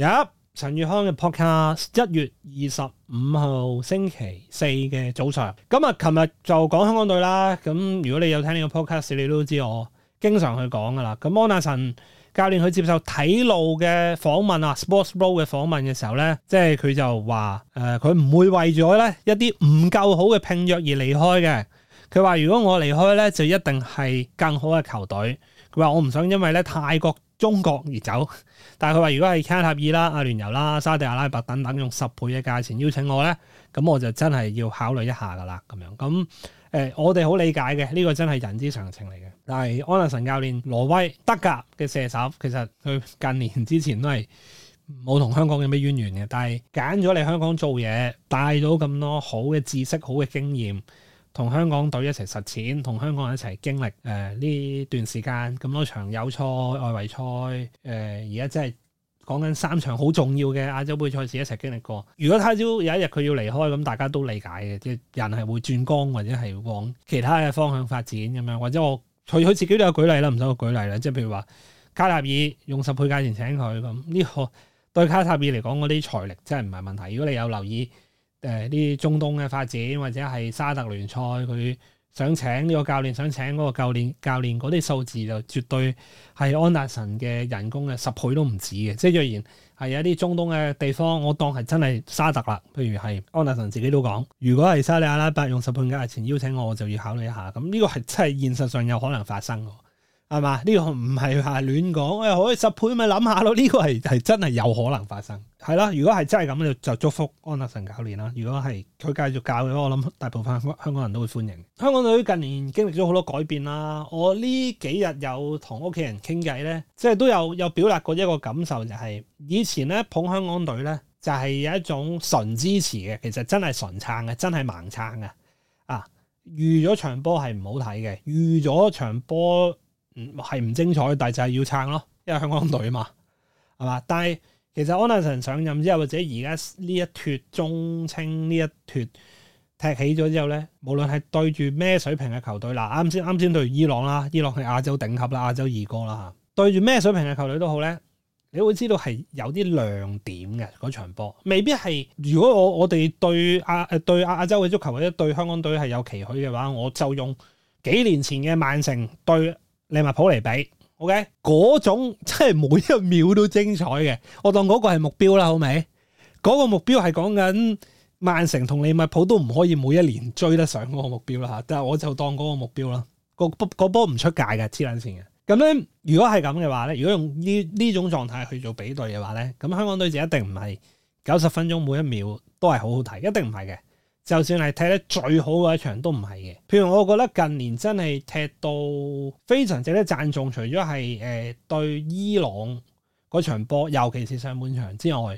有陳玉康嘅 podcast，一月二十五號星期四嘅早上。咁啊，琴日就講香港隊啦。咁如果你有聽呢個 podcast，你都知我經常去講噶啦。咁安娜臣教練佢接受體路嘅訪問啊，Sportsroad 嘅訪問嘅時候咧，即係佢就話誒，佢、呃、唔會為咗咧一啲唔夠好嘅聘約而離開嘅。佢話如果我離開咧，就一定係更好嘅球隊。佢話我唔想因為咧泰國、中國而走，但係佢話如果係卡塔爾啦、阿、啊、聯酋啦、啊、沙地阿拉伯等等用十倍嘅價錢邀請我呢，咁我就真係要考慮一下噶啦，咁樣咁誒、呃，我哋好理解嘅，呢、這個真係人之常情嚟嘅。但係安德臣教練羅威德格嘅射手，其實佢近年之前都係冇同香港有咩淵源嘅，但係揀咗嚟香港做嘢，帶到咁多好嘅知識、好嘅經驗。同香港隊一齊實踐，同香港人一齊經歷誒呢段時間咁多場友賽、外圍賽誒，呃、而家真係講緊三場好重要嘅亞洲杯賽事一齊經歷過。如果他朝有一日佢要離開，咁大家都理解嘅，即係人係會轉工或者係往其他嘅方向發展咁樣，或者我佢佢自己都有舉例啦，唔使我舉例啦，即係譬如話卡塔爾用十倍價錢請佢，咁呢個對卡塔爾嚟講，嗰啲財力真係唔係問題。如果你有留意。誒啲、呃、中東嘅發展或者係沙特聯賽，佢想請呢個教練，想請嗰個教練，教練嗰啲數字就絕對係安達臣嘅人工嘅十倍都唔止嘅。即係若然係有一啲中東嘅地方，我當係真係沙特啦。譬如係安達臣自己都講，如果係沙利阿拉伯用十倍嘅價錢邀請我，我就要考慮一下。咁呢個係真係現實上有可能發生嘅。係嘛？呢、這個唔係話亂講，誒、哎、可以十倍咪諗下咯？呢、這個係係真係有可能發生，係咯？如果係真係咁，就祝福安德臣教練啦。如果係佢繼續教嘅話，我諗大部分香港人都會歡迎。香港隊近年經歷咗好多改變啦。我呢幾日有同屋企人傾偈咧，即係都有有表達過一個感受、就係，就係以前咧捧香港隊咧就係有一種純支持嘅，其實真係純撐嘅，真係盲撐嘅。啊，預咗場波係唔好睇嘅，預咗場波。嗯，係唔精彩，但係就係要撐咯，因為香港隊嘛，係嘛？但係其實安達臣上任之後，或者而家呢一脫中青呢一脫踢起咗之後咧，無論係對住咩水平嘅球隊，嗱，啱先啱先對伊朗啦，伊朗係亞洲頂級啦，亞洲二哥啦吓，對住咩水平嘅球隊都好咧，你會知道係有啲亮點嘅嗰場波，未必係如果我我哋對亞、啊、對亞洲嘅足球或者對香港隊係有期許嘅話，我就用幾年前嘅曼城對。利物浦嚟比，OK，嗰種即係每一秒都精彩嘅，我當嗰個係目標啦，好未？嗰、嗰個目標係講緊曼城同利物浦都唔可以每一年追得上嗰個目標啦吓，但係我就當嗰個目標啦，嗰個波唔、嗰個、出界嘅，黐捻線嘅。咁咧，如果係咁嘅話咧，如果用呢呢種狀態去做比對嘅話咧，咁香港隊就一定唔係九十分鐘每一秒都係好好睇，一定唔係嘅。就算係踢得最好嘅一場都唔係嘅，譬如我覺得近年真係踢到非常值得讚頌，除咗係誒對伊朗嗰場波，尤其是上半場之外，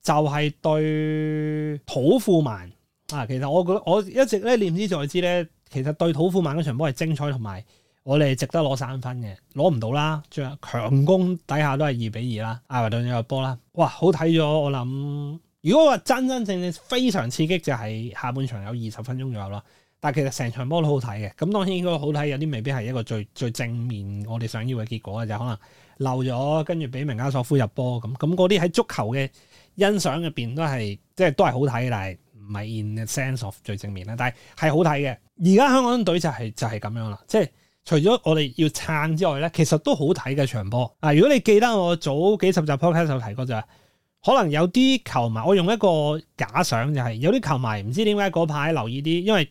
就係、是、對土庫曼啊。其實我覺得我一直咧念之在之咧，其實對土庫曼嗰場波係精彩同埋我哋值得攞三分嘅，攞唔到啦，最後強攻底下都係二比二啦，艾華頓呢個波啦，哇，好睇咗我諗。如果話真真正正非常刺激，就係下半場有二十分鐘左右咯。但係其實成場波都好睇嘅，咁當然應該好睇。有啲未必係一個最最正面我哋想要嘅結果嘅，就係、可能漏咗，跟住俾明家索夫入波咁。咁嗰啲喺足球嘅欣賞入邊都係即係都係好睇嘅。但係唔係 in the sense of 最正面啦。但係係好睇嘅。而家香港隊就係、是、就係、是、咁樣啦，即係除咗我哋要撐之外咧，其實都好睇嘅場波。啊，如果你記得我早幾十集 podcast 有提過就係。可能有啲球迷，我用一個假想就係、是、有啲球迷唔知點解嗰排留意啲，因為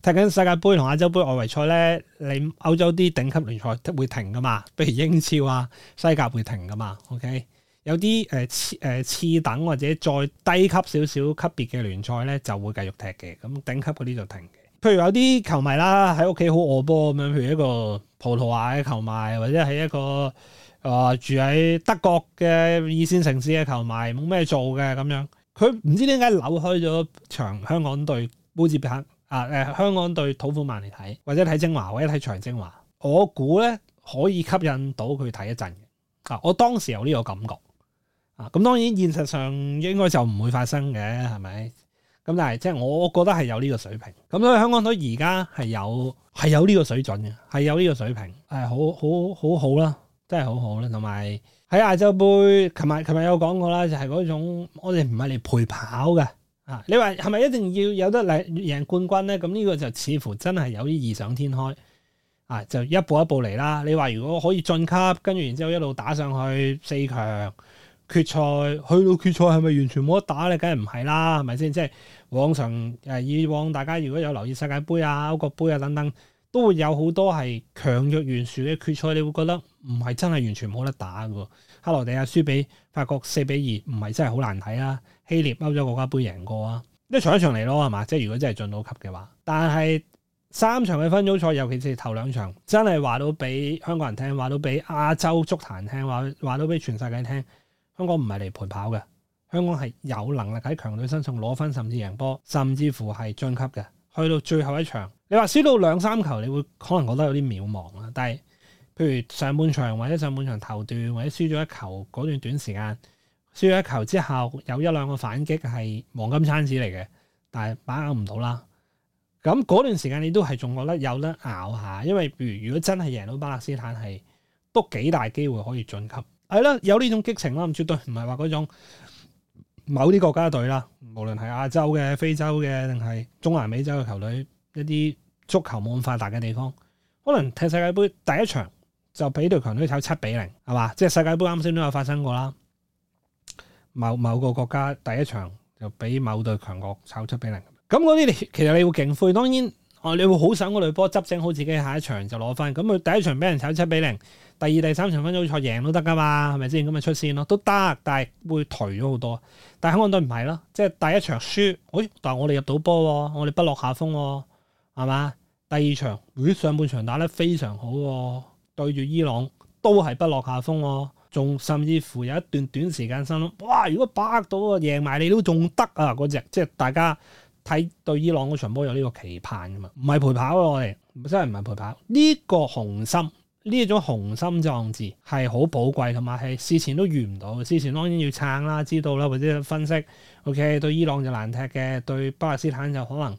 踢緊世界盃同亞洲盃外圍賽咧，你歐洲啲頂級聯賽會停㗎嘛？譬如英超啊、西甲會停㗎嘛？OK，有啲誒、呃、次誒、呃、次等或者再低級少少級別嘅聯賽咧就會繼續踢嘅，咁頂級嗰啲就停嘅。譬如有啲球迷啦喺屋企好餓波咁樣，譬如一個葡萄牙嘅球迷或者係一個。啊、呃！住喺德國嘅二線城市嘅球迷冇咩做嘅咁樣，佢唔知點解扭開咗場香港對烏茲別克啊！誒，香港對、啊呃、土庫曼嚟睇，或者睇精華，或者睇長精華，我估咧可以吸引到佢睇一陣啊！我當時有呢個感覺啊！咁當然現實上應該就唔會發生嘅，係咪？咁但係即係我覺得係有呢個水平，咁所以香港隊而家係有係有呢個水準嘅，係有呢個水平，係、哎、好，好，好，好，好好好好啦～真係好好啦，同埋喺亞洲杯，琴日琴日有講過啦，就係嗰種我哋唔係嚟陪跑嘅啊！你話係咪一定要有得嚟贏冠軍咧？咁呢個就似乎真係有啲異想天開啊！就一步一步嚟啦。你話如果可以晉級，跟住然之後一路打上去四強、決賽，去到決賽係咪完全冇得打？你梗係唔係啦，係咪先？即係往常誒，以往大家如果有留意世界盃啊、歐國盃啊等等。都會有好多係強弱懸殊嘅決賽，你會覺得唔係真係完全冇得打嘅。克羅地亞輸俾法國四比二，唔係真係好難睇啊！希臘歐洲國家盃贏過啊，即係一場一場嚟咯，係嘛？即係如果真係進到級嘅話，但係三場嘅分組賽，尤其是頭兩場，真係話到俾香港人聽，話到俾亞洲足壇聽，話話到俾全世界聽，香港唔係嚟陪跑嘅，香港係有能力喺強隊身上攞分，甚至贏波，甚至乎係晉級嘅。去到最後一場，你話輸到兩三球，你會可能覺得有啲渺茫啦。但係，譬如上半場或者上半場頭段，或者輸咗一球嗰段短時間，輸咗一球之後有一兩個反擊係黃金餐紙嚟嘅，但係把握唔到啦。咁嗰段時間你都係仲覺得有得拗下，因為譬如如果真係贏到巴勒斯坦，係都幾大機會可以晉級。係啦，有呢種激情啦，絕對唔係話嗰種。某啲國家隊啦，無論係亞洲嘅、非洲嘅，定係中南美洲嘅球隊，一啲足球冇咁發達嘅地方，可能踢世界盃第一場就俾對強隊炒七比零，係嘛？即係世界盃啱先都有發生過啦。某某個國家第一場就俾某對強國炒七比零，咁嗰啲其實你會勁灰，當然。啊、你會好想嗰隊波執整好自己，下一場就攞返。咁佢第一場俾人炒七比零，第二、第三場分組賽贏都得噶嘛，係咪先？咁咪出線咯，都得，但係會頹咗好多。但係香港隊唔係咯，即係第一場輸，誒、哎，但係我哋入到波，我哋不落下風，係嘛？第二場，誒，上半場打得非常好，啊，對住伊朗都係不落下風，仲甚至乎有一段短時間心諗，哇，如果把握到贏啊，贏埋你都仲得啊，嗰隻，即係大家。睇對伊朗嗰場波有呢個期盼㗎嘛，唔係陪跑啊，我哋，真係唔係陪跑。呢、這個雄心，呢種雄心壯志係好寶貴，同埋係事前都預唔到。事前當然要撐啦，知道啦，或者分析。O.K. 對伊朗就難踢嘅，對巴勒斯坦就可能。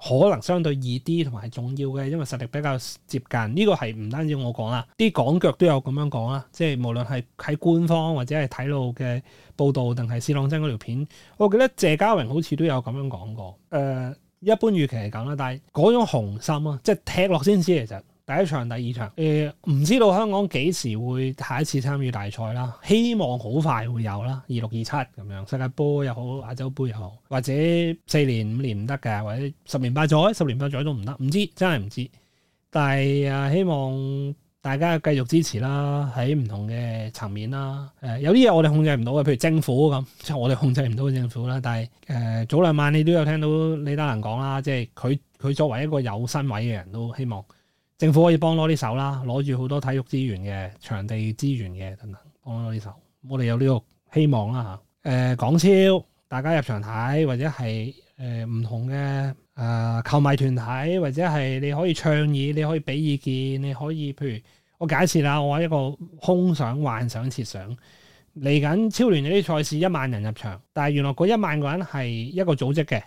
可能相對易啲同埋重要嘅，因為實力比較接近。呢、這個係唔單止我講啦，啲港腳都有咁樣講啦。即係無論係喺官方或者係睇路嘅報導，定係視朗真嗰條片，我記得謝家榮好似都有咁樣講過。誒、呃，一般預期係咁啦，但係嗰種紅心啊，即係踢落先知其實。第一場、第二場，誒、呃、唔知道香港幾時會下一次參與大賽啦？希望好快會有啦，二六二七咁樣，世界盃又好，亞洲杯又好，或者四年五年唔得嘅，或者十年八載，十年八載都唔得，唔知真係唔知。但係啊、呃，希望大家繼續支持啦，喺唔同嘅層面啦。誒、呃，有啲嘢我哋控制唔到嘅，譬如政府咁，即係我哋控制唔到嘅政府啦。但係誒、呃，早兩晚你都有聽到李德能講啦，即係佢佢作為一個有身位嘅人都希望。政府可以幫攞啲手啦，攞住好多體育資源嘅場地資源嘅等等，幫攞呢手。我哋有呢個希望啦吓。誒、呃，港超大家入場睇，或者係誒唔同嘅誒球迷團體，或者係你可以倡議，你可以俾意見，你可以譬如我解釋啦，我一個空想、幻想、設想嚟緊超聯嗰啲賽事一萬人入場，但係原來嗰一萬個人係一個組織嘅。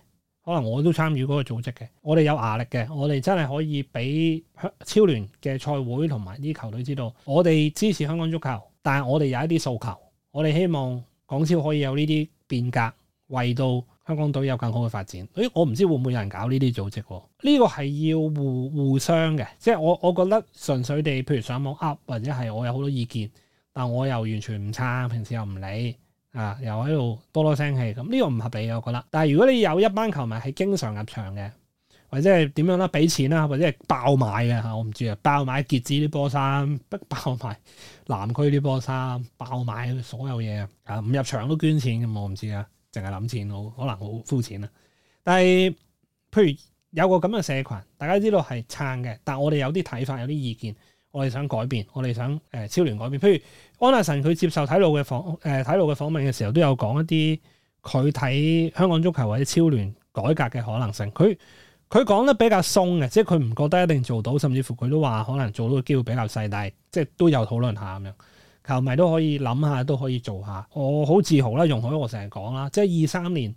可能我都參與嗰個組織嘅，我哋有壓力嘅，我哋真係可以俾香超聯嘅賽會同埋啲球隊知道，我哋支持香港足球，但係我哋有一啲訴求，我哋希望港超可以有呢啲變革，為到香港隊有更好嘅發展。誒、哎，我唔知會唔會有人搞呢啲組織喎？呢個係要互互相嘅，即係我我覺得純粹地，譬如上網 up 或者係我有好多意見，但我又完全唔參加，平時又唔理。啊！又喺度多多聲氣咁，呢個唔合理啊！我覺得。但係如果你有一班球迷係經常入場嘅，或者係點樣啦，俾錢啦，或者係爆買嘅嚇，我唔知啊！爆買傑志啲波衫，不爆買南區啲波衫，爆買所有嘢啊！唔入場都捐錢嘅，我唔知啊！淨係諗錢好，可能好膚淺啊。但係譬如有個咁嘅社群，大家知道係撐嘅，但我哋有啲睇法，有啲意見。我哋想改變，我哋想誒、呃、超聯改變。譬如安亞臣佢接受體路嘅訪誒體路嘅訪問嘅、呃、時候，都有講一啲佢睇香港足球或者超聯改革嘅可能性。佢佢講得比較鬆嘅，即係佢唔覺得一定做到，甚至乎佢都話可能做到嘅機會比較細但係，即係都有討論下咁樣。球迷都可以諗下，都可以做下。我好自豪啦，容許我成日講啦，即係二三年。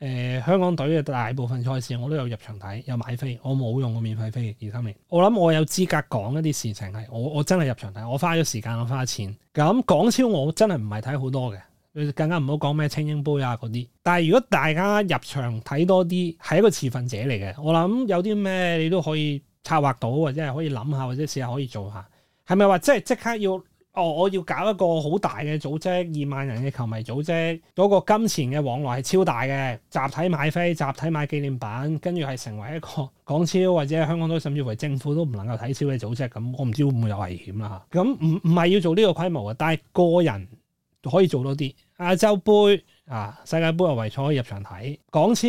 誒、呃、香港隊嘅大部分賽事，我都有入場睇，有買飛，我冇用過免費飛。二三年，我諗我有資格講一啲事情係，我，我真係入場睇，我花咗時間，我花咗錢。咁港超我真係唔係睇好多嘅，更加唔好講咩菁英盃啊、嗰啲。但係如果大家入場睇多啲，係一個持份者嚟嘅，我諗有啲咩你都可以策劃到，或者係可以諗下，或者試下可以做下。係咪話即係即刻要？哦，我要搞一個好大嘅組織，二萬人嘅球迷組織，嗰個金錢嘅往來係超大嘅，集體買飛，集體買紀念版，跟住係成為一個港超或者香港都甚至乎政府都唔能夠睇超嘅組織，咁我唔知會唔會有危險啦吓。咁唔唔係要做呢個規模嘅，但係個人可以做多啲。亞洲盃啊，世界盃啊，外圍賽可以入場睇，港超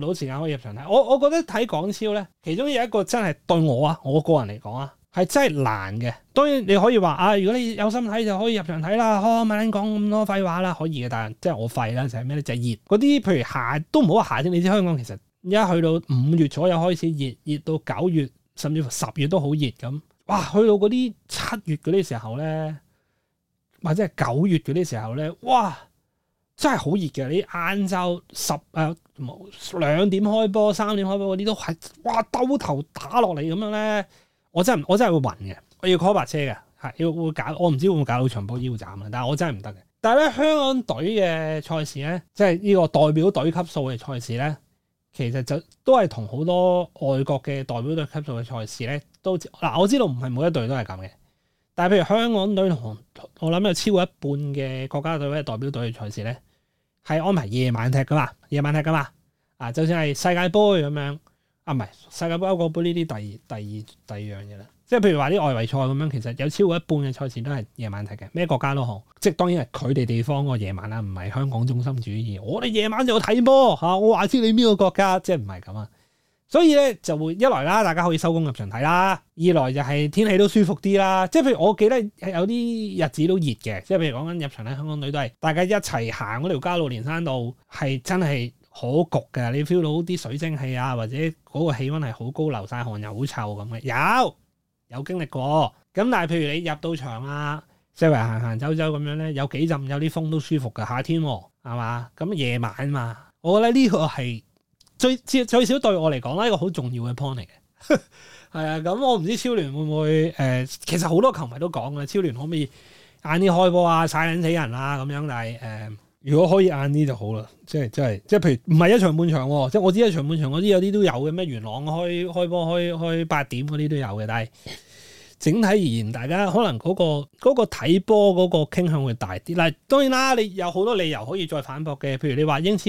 就到時間可以入場睇。我我覺得睇港超咧，其中有一個真係對我啊，我個人嚟講啊。係真係難嘅。當然你可以話啊，如果你有心睇就可以入場睇啦。可唔好講咁多廢話啦，可以嘅。但係即係我廢啦，就係咩咧？就係熱嗰啲，譬如夏都唔好話夏先。你知香港其實而家去到五月左右開始熱，熱到九月甚至十月都好熱咁。哇！去到嗰啲七月嗰啲時候咧，或者係九月嗰啲時候咧，哇！真係好熱嘅。你晏晝十誒冇兩點開波，三點開波嗰啲都係哇，兜頭打落嚟咁樣咧。我真係我真係會暈嘅，我要開白車嘅，係要會搞，我唔知會唔會搞到場波腰斬啊！但係我真係唔得嘅。但係咧，香港隊嘅賽事咧，即係呢個代表隊級數嘅賽事咧，其實就都係同好多外國嘅代表隊級數嘅賽事咧，都嗱，我知道唔係每一隊都係咁嘅。但係譬如香港隊同我諗有超過一半嘅國家隊嘅代表隊嘅賽事咧，係安排夜晚踢噶嘛，夜晚踢噶嘛，啊，就算係世界盃咁樣。啊，唔係世界盃歐國杯呢啲第第二第二第二樣嘢啦，即係譬如話啲外圍賽咁樣，其實有超過一半嘅賽事都係夜晚睇嘅，咩國家都好，即係當然係佢哋地方個夜晚啦，唔係香港中心主義，我哋夜晚就睇波吓，我話知你邊個國家，即係唔係咁啊？所以咧就會一來啦，大家可以收工入場睇啦；二來就係天氣都舒服啲啦，即係譬如我記得有啲日子都熱嘅，即係譬如講緊入場喺香港隊都係大家一齊行嗰條加路連山道，係真係。好焗嘅，你 feel 到啲水蒸氣啊，或者嗰個氣温係好高，流晒汗又好臭咁嘅，有有經歷過。咁但係譬如你入到場啊，即係行行走走咁樣咧，有幾陣有啲風都舒服嘅，夏天係、啊、嘛？咁夜晚嘛，我覺得呢個係最最少對我嚟講咧，一個好重要嘅 point 嚟嘅。係 啊，咁、嗯、我唔知超聯會唔會誒、呃，其實好多球迷都講嘅，超聯可唔可以晏啲開波啊，晒撚死人啊，咁樣，但係誒。呃如果可以晏啲就好啦，即係即係即係，譬如唔係一場半場，即係我知一場半場嗰啲有啲都有嘅，咩元朗開開波開開八點嗰啲都有嘅，但係整體而言，大家可能嗰個嗰個睇波嗰個傾向會大啲。嗱，當然啦，你有好多理由可以再反駁嘅，譬如你話英超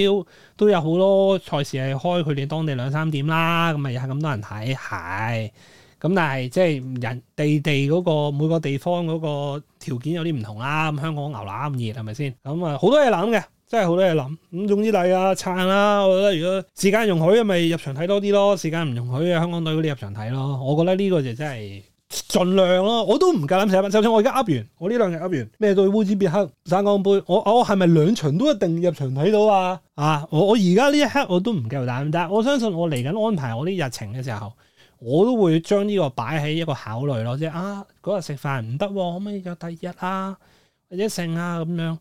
都有好多賽事係開佢哋當地兩三點啦，咁咪又係咁多人睇，係。咁但係即係人地地嗰個每個地方嗰個條件有啲唔同啦，咁香港牛腩咁熱係咪先？咁啊好多嘢諗嘅，真係好多嘢諗。咁總之，例如撐啦，我覺得如果時間容許，咪入場睇多啲咯；時間唔容許嘅，香港隊嗰啲入場睇咯。我覺得呢個就真係盡量咯啊。我都唔夠膽寫份，首先我而家 up 完，我呢兩日 up 完咩對烏茲別克、省港杯，我我係咪兩場都一定入場睇到啊？啊！我我而家呢一刻我都唔夠膽，但我相信我嚟緊安排我啲日程嘅時候。我都會將呢個擺喺一個考慮咯，即係啊嗰日食飯唔得、啊、可唔可以就第二啊或者剩啊咁樣，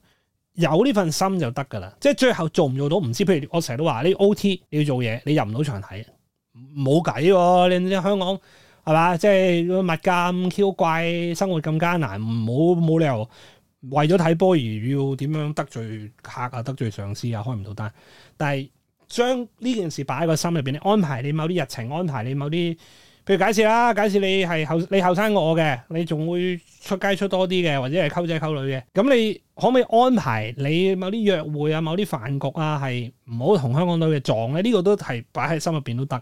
有呢份心就得㗎啦，即係最後做唔做到唔知。譬如我成日都話，你 OT 你要做嘢，你入唔到場睇，冇計喎。你你香港係咪啊？即係物價咁 Q 貴，生活咁艱難，唔好冇理由為咗睇波而要點樣得罪客啊、得罪上司啊，開唔到單，但係，將呢件事擺喺個心入邊，你安排你某啲日程，安排你某啲，譬如假設啦，假設你係後你後生我嘅，你仲會出街出多啲嘅，或者係溝仔溝女嘅，咁你可唔可以安排你某啲約會啊、某啲飯局啊，係唔好同香港女嘅撞咧？呢個都係擺喺心入邊都得。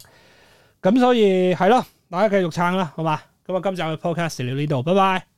咁所以係咯，大家繼續撐啦，好嘛？咁啊，今集我嘅 podcast 嚟到呢度，拜拜。